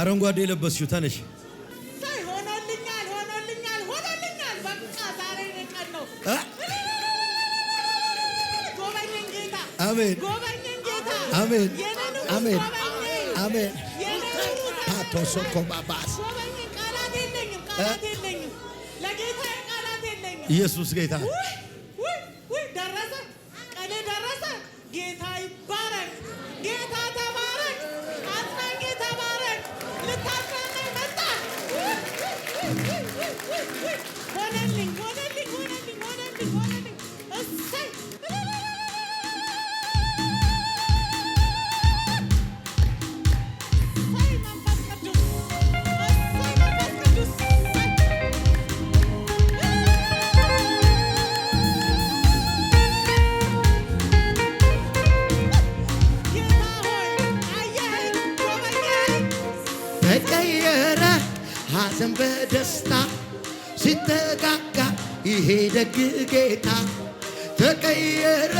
አረንጓዴ የለበስሽው ተነሽ። ሆኖልኛል፣ ሆኖልኛል፣ ሆኖልኛል። በቃ ዛሬ ቀን ነው። ጎበኘኝ ጌታ፣ አሜን። ጎበኘኝ ጌታ፣ አሜን። አሜን። አሜን። ፓቶሶኮባባስ ቃላት የለኝም፣ ቃላት የለኝም፣ ለጌታ ቃላት የለኝም። ኢየሱስ ጌታ ደግ ጌታ ተቀየረ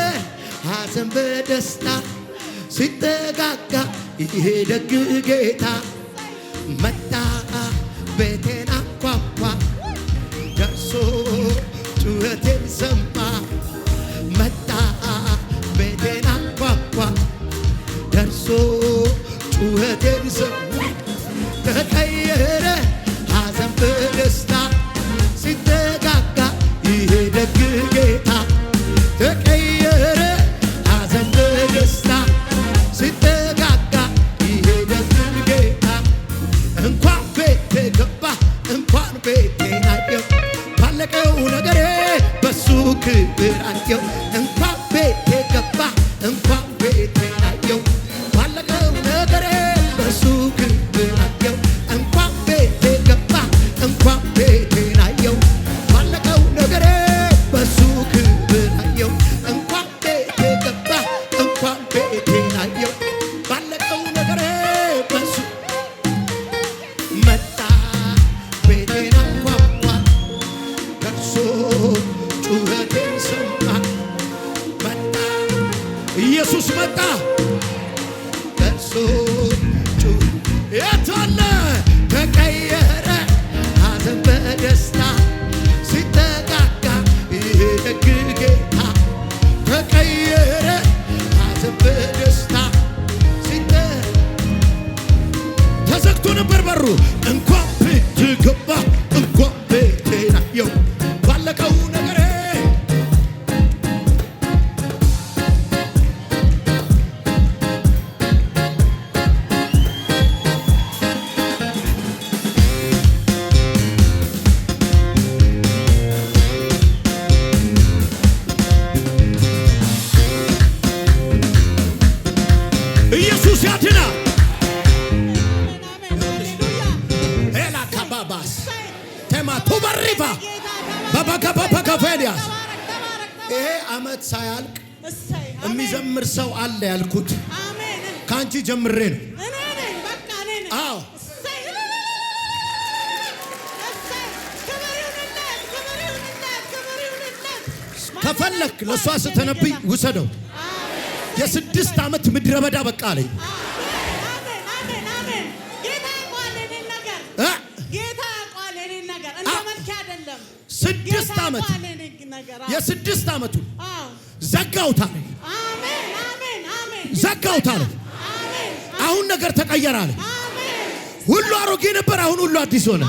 ሐዘን በደስታ ሲጠጋጋ ይሄ ደግ ጌታ መጣ ቤቴ เบื่อันเกี่ยวนัง ጠሩ እንኳ አለ ያልኩት ከአንቺ ጀምሬ ነው። አዎ ከፈለክ ለእሷ ስተነብይ ውሰደው። የስድስት ዓመት ምድረ በዳ በቃ አለኝ። ስድስት ዓመት የስድስት ዓመቱን ዘጋውታ ዘጋሁት አለ። አሁን ነገር ተቀየረ አለ። ሁሉ አሮጌ ነበር፣ አሁን ሁሉ አዲስ ሆነ።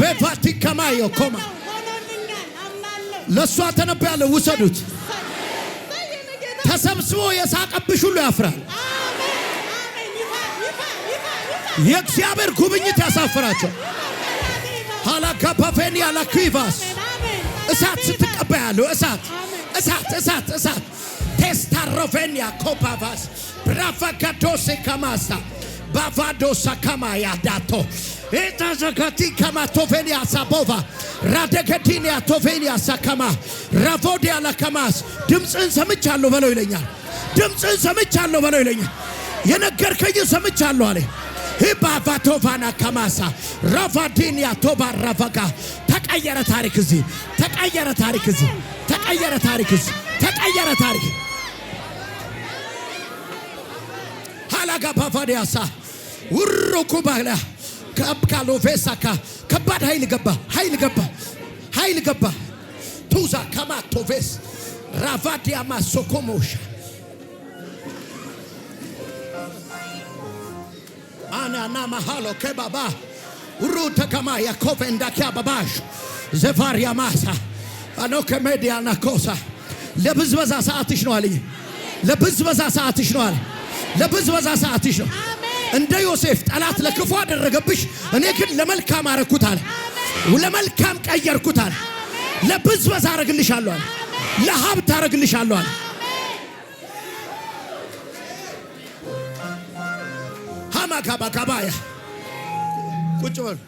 በቫቲካማዮ ኮማ ለእሷ ተነብያለሁ። ውሰዱት። ተሰብስቦ የሳቀብሽ ሁሉ ያፍራል። የእግዚአብሔር ጉብኝት ያሳፍራቸው። ሃላካፓፌን ያላክቫስ እሳት ስትቀባ ያለው እሳት እሳት እሳት እሳት ቴስታሮቬኒያ ኮፓቫስ ብራቫጋዶሴ ከማሳ ባቫዶሳ ከማያ ዳቶ ኤታዘጋቲ ከማ ቶቬኒያ ሳቦቫ ራደገዲኒያ ቶቬኒያ ሳከማ ራቮዲያ ላከማስ ድምፅን ሰምቻለሁ በለው ይለኛል። ድምፅን ሰምቻለሁ በለው ይለኛል። የነገርከኝን ሰምቻለሁ አለ። ሂባቫቶቫና ከማሳ ራቫዲኒያ ቶባ ራቫጋ ተቀየረ ታሪክ እዚህ ተቀየረ ታሪክ እዚህ ተቀየረ ታሪክ እዚህ ተቀየረ ታሪክ ሃላጋ ባቫዲያሳ ውሩኩ ባላ ከአብካሎ ቬሳካ ከባድ ኃይል ገባ ኃይል ገባ ኃይል ገባ ቱዛ ከማቶቬስ ራቫዲያማ ሶኮሞሻ ana namahalo ke baba uruta kama yakobe ndakia babash zevaria masa anoke media na kosa lebizbaza saatish no ali lebizbaza saatish no ali lebizbaza saatish no amen nda yosef talat lekufu adaregebish ene kin lemelkam arekutale ولملكام كأيّر كتار لبزوز عرق اللي شالوان لهاب تارق اللي شالوان ካባካባያ ቁጭ በሉ።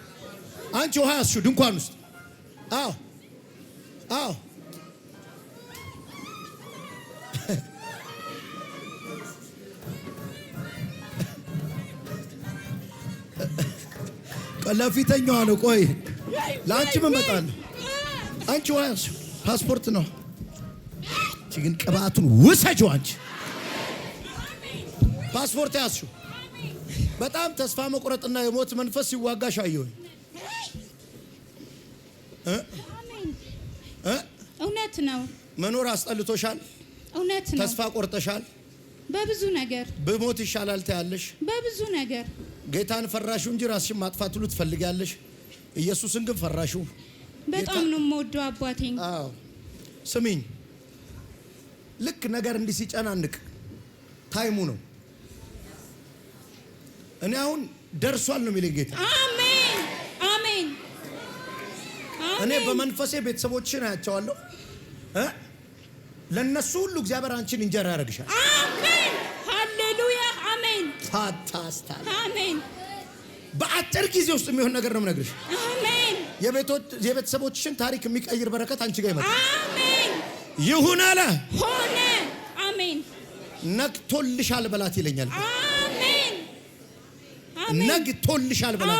አንቺ ውሃ ያስሹ ድንኳን ውስጥ አዎ፣ አዎ ለፊተኛዋ ነው። ቆይ እመጣለሁ። አንቺ ውሃ ፓስፖርት ነው። ግን ቅባቱን ውሰጂው። አንቺ ፓስፖርት በጣም ተስፋ መቁረጥና የሞት መንፈስ ሲዋጋሽ አየሁኝ። እውነት ነው። መኖር አስጠልቶሻል። እውነት ነው። ተስፋ ቆርጠሻል። በብዙ ነገር ብሞት ይሻላል ትያለሽ። በብዙ ነገር ጌታን ፈራሽው እንጂ ራስሽን ማጥፋት ሁሉ ትፈልጊያለሽ። ኢየሱስን ግን ፈራሽው። በጣም ነው የምወደው አባቴኝ። አዎ ስሚኝ፣ ልክ ነገር እንዲህ ሲጨናንቅ ታይሙ ነው እኔ አሁን ደርሷል ነው የሚለኝ ጌታ። አሜን አሜን። እኔ በመንፈሴ ቤተሰቦችን አያቸዋለሁ። ለእነሱ ሁሉ እግዚአብሔር አንቺን እንጀራ ያደርግሻል። አሜን ሃሌሉያ አሜን። ታታስታል አሜን። በአጭር ጊዜ ውስጥ የሚሆን ነገር ነው የምነግርሽ። አሜን። የቤተሰቦችሽን ታሪክ የሚቀይር በረከት አንቺ ጋር ይመጣል። አሜን። ይሁን አለ ሆነ። አሜን። ነክቶልሻል በላት ይለኛል። አሜን ነግቶልሻል ብላ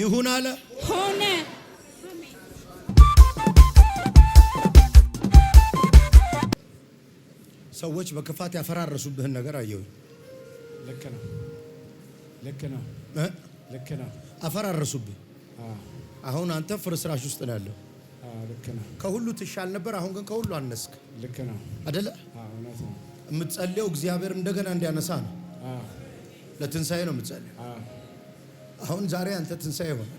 ይሁን አለ ሆነ። ሰዎች በክፋት ያፈራረሱብህን ነገር አየሁኝ። ልክ ነው፣ ልክ ነው፣ ልክ ነው። አፈራረሱብህ። አሁን አንተ ፍርስራሽ ውስጥ ነው ያለው። ከሁሉ ትሻል ነበር፣ አሁን ግን ከሁሉ አነስክ። ልክ ነው የምትጸልየው እግዚአብሔር እንደገና እንዲያነሳ ነው። ለትንሣኤ ነው የምትጸልየው። አሁን ዛሬ አንተ ትንሣኤ ሆነ።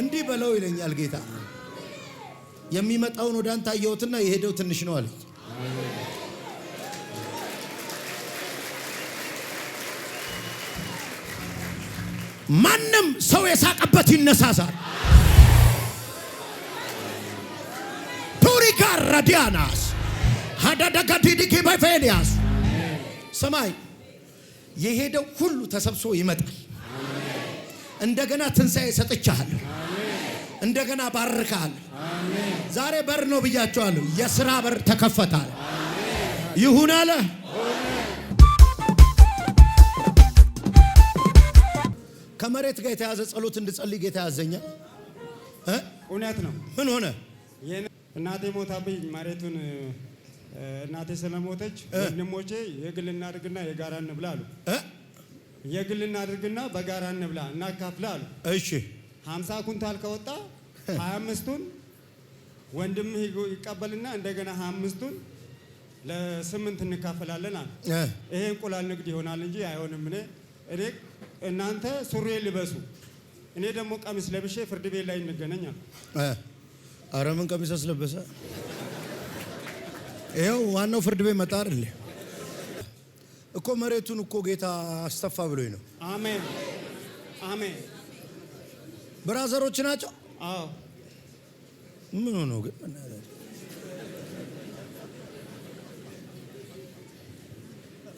እንዲህ በለው ይለኛል ጌታ። የሚመጣውን ወደ አንተ አየሁትና የሄደው ትንሽ ነው አለኝ። ማንም ሰው የሳቀበት ይነሳሳል። ቱሪጋ ረዲያናስ ሀዳዳጋዲዲጌባይፌንያስ ሰማይ የሄደው ሁሉ ተሰብስቦ ይመጣል። እንደገና ትንሣኤ ሰጥቻለሁ። እንደገና ባርካለሁ። ዛሬ በር ነው ብያቸዋለሁ። የሥራ በር ተከፈታል። ይሁን አለ። ከመሬት ጋር የተያዘ ጸሎት እንድጸልይ ጌታ ያዘኛ። እውነት ነው። ምን ሆነ? እናቴ ሞታብኝ መሬቱን እናቴ ስለሞተች ወንድሞቼ የግል እናድርግና የጋራ እንብላ አሉ። የግል እናድርግና በጋራ እንብላ እናካፍላ አሉ። እሺ ሀምሳ ኩንታል ከወጣ ሀያ አምስቱን ወንድምህ ይቀበልና እንደገና ሀያ አምስቱን ለስምንት እንካፈላለን አሉ። ይሄ እንቁላል ንግድ ይሆናል እንጂ አይሆንም። እኔ እኔ እናንተ ሱሪ ልበሱ፣ እኔ ደግሞ ቀሚስ ለብሼ ፍርድ ቤት ላይ እንገናኛል። አረ ምን ቀሚስ አስለበሰ? ይኸው ዋናው ፍርድ ቤት መጣ አይደል እኮ መሬቱን እኮ ጌታ አስተፋ ብሎኝ ነው። አሜን አሜን። ብራዘሮች ናቸው። አዎ ምን ሆኖ ግን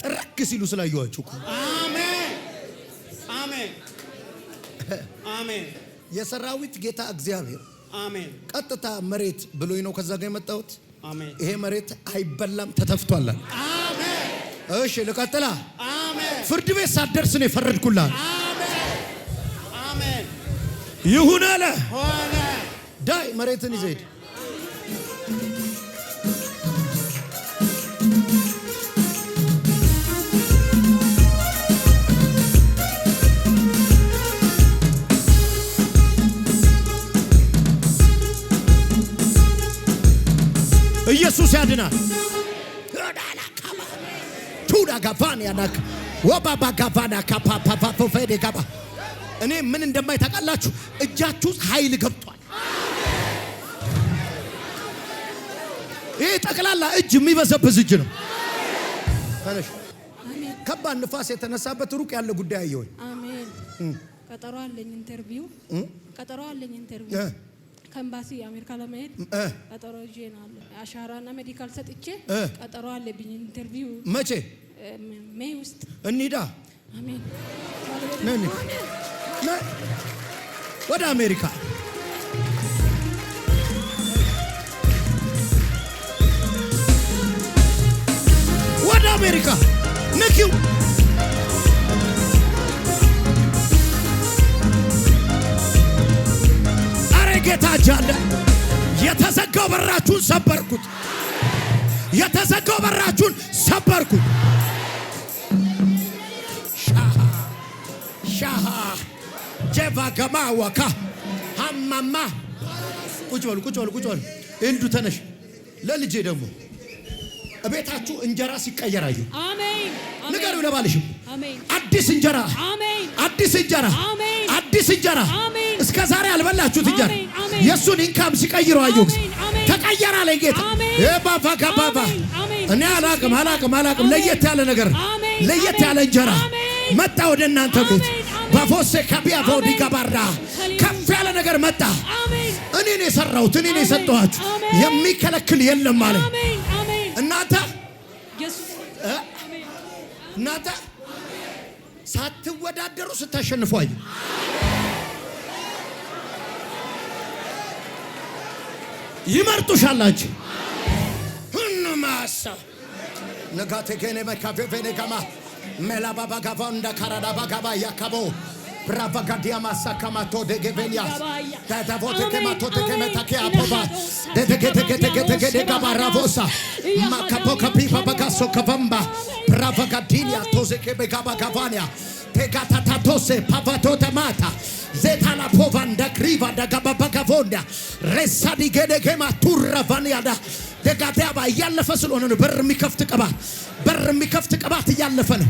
ጥረክ ሲሉ ስላየኋችሁ እኮ አሜን አሜን አሜን። የሰራዊት ጌታ እግዚአብሔር አሜን። ቀጥታ መሬት ብሎኝ ነው ከዛ ጋር የመጣሁት ይሄ መሬት አይበላም ተተፍቷላል እሺ ልቀጥላ። ፍርድ ቤት ሳትደርስ ነው የፈረድኩላል። ይሁን አለ ዳይ መሬትን ይዘድ ኢየሱስ ያድናል። እኔ ምን እንደማይ ታውቃላችሁ? እጃችሁ ውስጥ ኃይል ገብቷል። ይህ ጠቅላላ እጅ የሚበዘብዝ እጅ ነው። ከባድ ንፋስ የተነሳበት ሩቅ ያለ ጉዳይ አየሁኝ። ቀጠሮ አለኝ ኢንተርቪው ከኤምባሲ አሜሪካ ለመሄድ ቀጠሮ ይዤ ነው አለ። አሻራና ሜዲካል ሰጥቼ ቀጠሮ አለብኝ ኢንተርቪው። መቼ? ሜይ ውስጥ እንሂዳ። አሜን። ወደ አሜሪካ ወደ አሜሪካ ንኪው በጌታ እጅ አለ። የተዘጋው በራችሁን ሰበርኩት። የተዘጋው በራችሁን ሰበርኩት። ሻሃ ጀቫ ገማ ወካ ሀማማ ቁጭ በሉ ቁጭ በሉ ቁጭ በሉ። እንዱ ተነሽ። ለልጄ ደግሞ እቤታችሁ እንጀራ ሲቀየር አየሁ። ንገሪው ለባልሽም አዲስ እንጀራ አዲስ እንጀራ አዲስ እንጀራ እስከ ዛሬ አልበላችሁት እንጀራ የእሱን ኢንካም ሲቀይረው አየሁ። ተቀየረ አለኝ ጌታ። ባፋካባባ እኔ አላቅም አላቅም አላቅም። ለየት ያለ ነገር፣ ለየት ያለ እንጀራ መጣ ወደ እናንተ ቤት። ባፎሴ ከቢያፎ ዲጋባራ ከፍ ያለ ነገር መጣ። እኔን የሰራሁት እኔን የሰጠኋችሁ የሚከለክል የለም አለ። እናንተ እናንተ ሳትወዳደሩ ስታሸንፏዩ ይመርጡሻላችሁ። ሁኑ ማሳ ንጋቴ ጌኔ መካፌ ቬኔጋማ ሜላባባጋባ እንደ ካራዳባጋባ እያካቦ ራቫጋዲያ ማሳካማቶ ደጌቬንያ ተተቮቴኬማቶ ቴኬመታኬ አቦባ ደተጌተጌተጌተጌደጋባ ራቮሳ ማካፖ ከፒፋበጋሶ ከቨምባ ራቫጋዲንያ ቶዜኬ ቤጋባጋቫንያ ቴጋታታቶሴ ፓቫቶተማታ ዜታላ ፖቫንዳ ግሪቫ ዳጋባባጋቮንዳ ሬሳ ቱረቫንያዳ ደጋዳባ እያለፈ ስለሆነ ነው። በር የሚከፍት ቅባት በር የሚከፍት ቅባት እያለፈ ነው።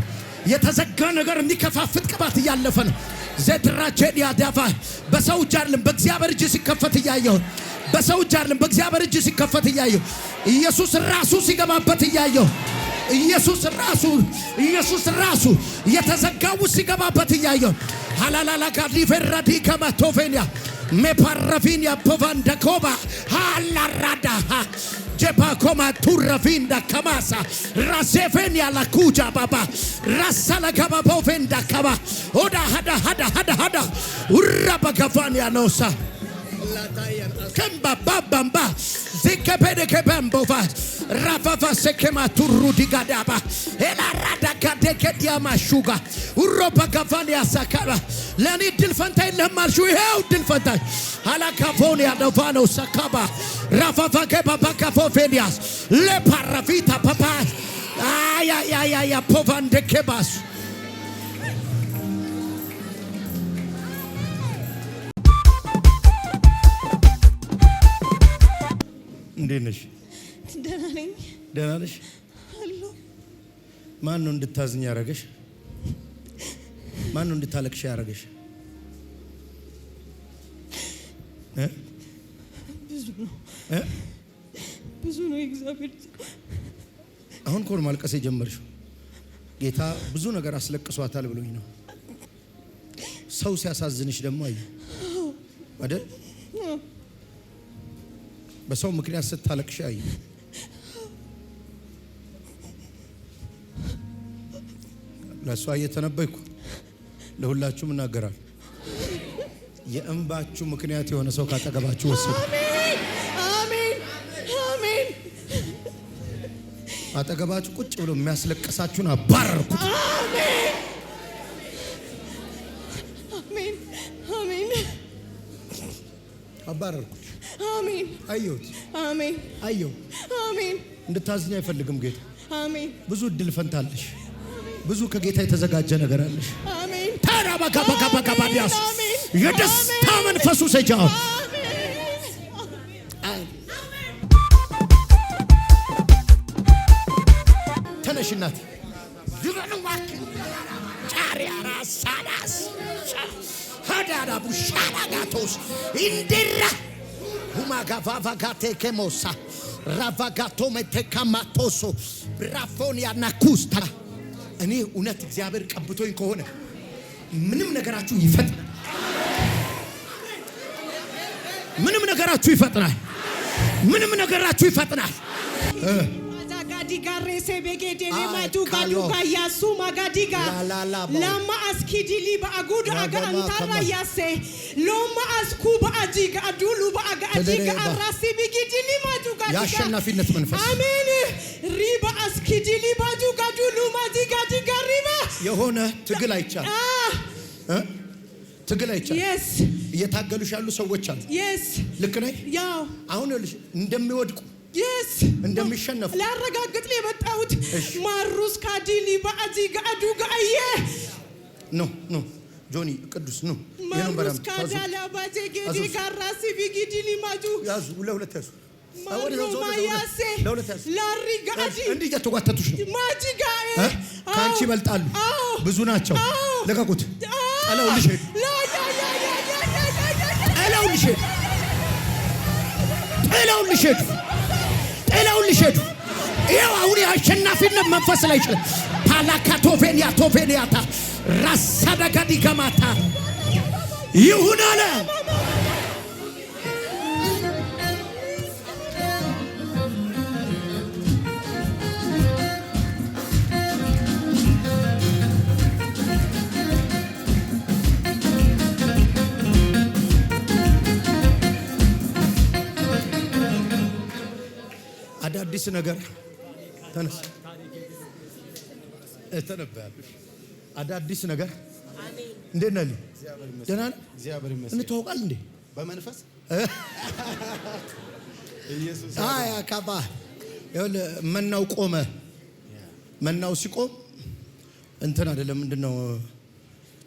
የተዘጋ ነገር የሚከፋፍት ቅባት እያለፈ ነው። ዘድራጀዲያ ዳቫ በሰው እጅ አይደለም በእግዚአብሔር እጅ ሲከፈት እያየሁን በሰው እጅ አይደለም፣ በእግዚአብሔር እጅ ሲከፈት እያየሁ ኢየሱስ ራሱ ሲገባበት እያየሁ ኢየሱስ ራሱ ኢየሱስ ራሱ የተዘጋው ሲገባበት እያየሁ ሃላላላ ካዲፈራዲ ከማቶፌንያ ሜፓረፊንያ ቦቫንደኮባ ሃላራዳሃ ጀፓኮማ ቱረፊንዳ ከማሳ ራሴፌንያ ላኩጃ ባባ ራሰለከባቦፌንዳ ከባ ኦዳ ሀዳ ሀዳ ሀዳ ሀዳ ውራ በገፋንያ ነውሳ kembababamba zikepedekebembova rafavasekematurudigadaba elaራዳጋደገዲያማሹጋ uሮበገቫን ያሳከባ ለእኔ ድል ፈንታይ ለማርሹ ይኸው ድል ፈንታይ አላካፎን ያደፋነው ሰካባ ራፋቫገባባካፎፌንያስ ለፓራፊታ ፓፓ አያያያያ ፖቫንደኬባሱ እንዴት ነሽ? ደህና ነኝ። ደህና ነሽ? አለሁ። ማን ነው እንድታዝኝ ያደረገሽ? ማን ነው እንድታለቅሽ ያደረገሽ? ብዙ ነው ብዙ ነው እግዚአብሔር አሁን ኮን ማልቀስ የጀመርሽው ጌታ ብዙ ነገር አስለቅሷታል ብሎኝ ነው። ሰው ሲያሳዝንሽ ደግሞ አየሁ አይደል? በሰው ምክንያት ስታለቅሽ አይ ለእሷ እየተነበይኩ ለሁላችሁም እናገራል። የእንባችሁ ምክንያት የሆነ ሰው ካጠገባችሁ ወስዱ። አጠገባችሁ ቁጭ ብሎ የሚያስለቅሳችሁን አባረርኩት። አባረርኩት። አሜን። አየሁት። አሜን። አየሁ። አሜን። እንድታዝኝ አይፈልግም ጌታ። አሜን። ብዙ እድል ፈንታለሽ። ብዙ ከጌታ የተዘጋጀ ነገር አለሽ። አሜን። ታራ የደስታ መንፈሱ ሰጃው ተነሽ እናት ዳራሳዳስ ዳራቡሻዳጋቶስ እንድራ humagavavagatekemosa ራቫጋቶሜቴካማቶሶ ብራፎንያና ኩስታ እኔ እውነት እግዚአብሔር ቀብቶኝ ከሆነ ምንም ነገራችሁ ይፈጥናል። ምንም ነገራችሁ ይፈጥናል። ምንም ነገራችሁ ይፈጥናል። lama as kidili ba'agud aga antara yase loma as kuba ajiga adulu ba'aga ajiga arasi bigidili majuga የአሸናፊነት መንፈስ አሜን። ሪባ አስኪዲሊ ባጁጋ ዱሉ ማዚጋ ዲጋ ሪባ የሆነ ትግል አይቻል ትግል አይቻል እየታገሉሽ ያሉ ሰዎች አሉ። ልክ ነኝ። አሁን እንደሚወድቁ እንደሚሸነፉ ላረጋግጥ የመጣሁት ማሩስ ካዲሊ በአዚ ጋዱ ጋየ ኖ ኖ ጆኒ ቅዱስ ኖ ማሩስ ካዳላ ባዜ ጌዲ ጋራሲ ቢጊዲሊ ማጁ ያዙ ለሁለት ያዙ ከአንቺ ይበልጣሉ፣ ብዙ ናቸው። ልቀቁት። ጠለውልሽ ጠለውልሽ ጠለውልሽ ጥለውን ልሸዱ። ይኸው አሁን የአሸናፊነት መንፈስ ላይ ይችላል። ፓላካ ቶፌንያ ራሳ ደጋዲ ገማታ ይሁን አለ። አዲስ ነገር ተነስ፣ አዳዲስ ነገር እንዴት ነህ? ደህና ነህ? እንተዋወቃለን እንዴ? በመንፈስ ካባ መናው ቆመ። መናው ሲቆም እንትን አይደለም፣ ምንድነው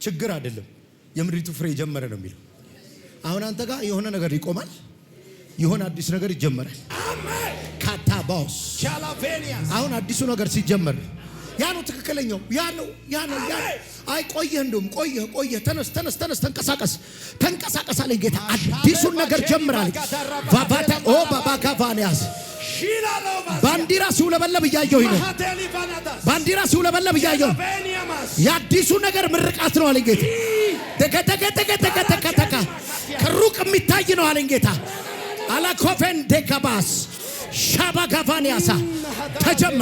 ችግር አይደለም፣ የምድሪቱ ፍሬ ጀመረ ነው የሚለው። አሁን አንተ ጋር የሆነ ነገር ይቆማል፣ የሆነ አዲስ ነገር ይጀመራል። አሁን አዲሱ ነገር ሲጀመር ያ ነው ትክክለኛው። ያ ነው ያ ነው ያ አይ ቆየህ፣ እንደውም ቆየህ ቆየህ። ተነስ ተነስ ተነስ፣ ተንቀሳቀስ ተንቀሳቀስ አለኝ ጌታ። አዲሱን ነገር ጀምራለኝ። ባባታ ኦ ባባጋ ቫንያስ ባንዲራ ሲውለበለብ እያየሁኝ ነው። ባንዲራ ሲውለበለብ እያየሁ የአዲሱ ነገር ምርቃት ነው አለኝ ጌታ። ተከተከተከተከተከ ከሩቅ የሚታይ ነው አለኝ ጌታ። አላኮፌን ሻባጋቫን ያሳ ተጀመረ።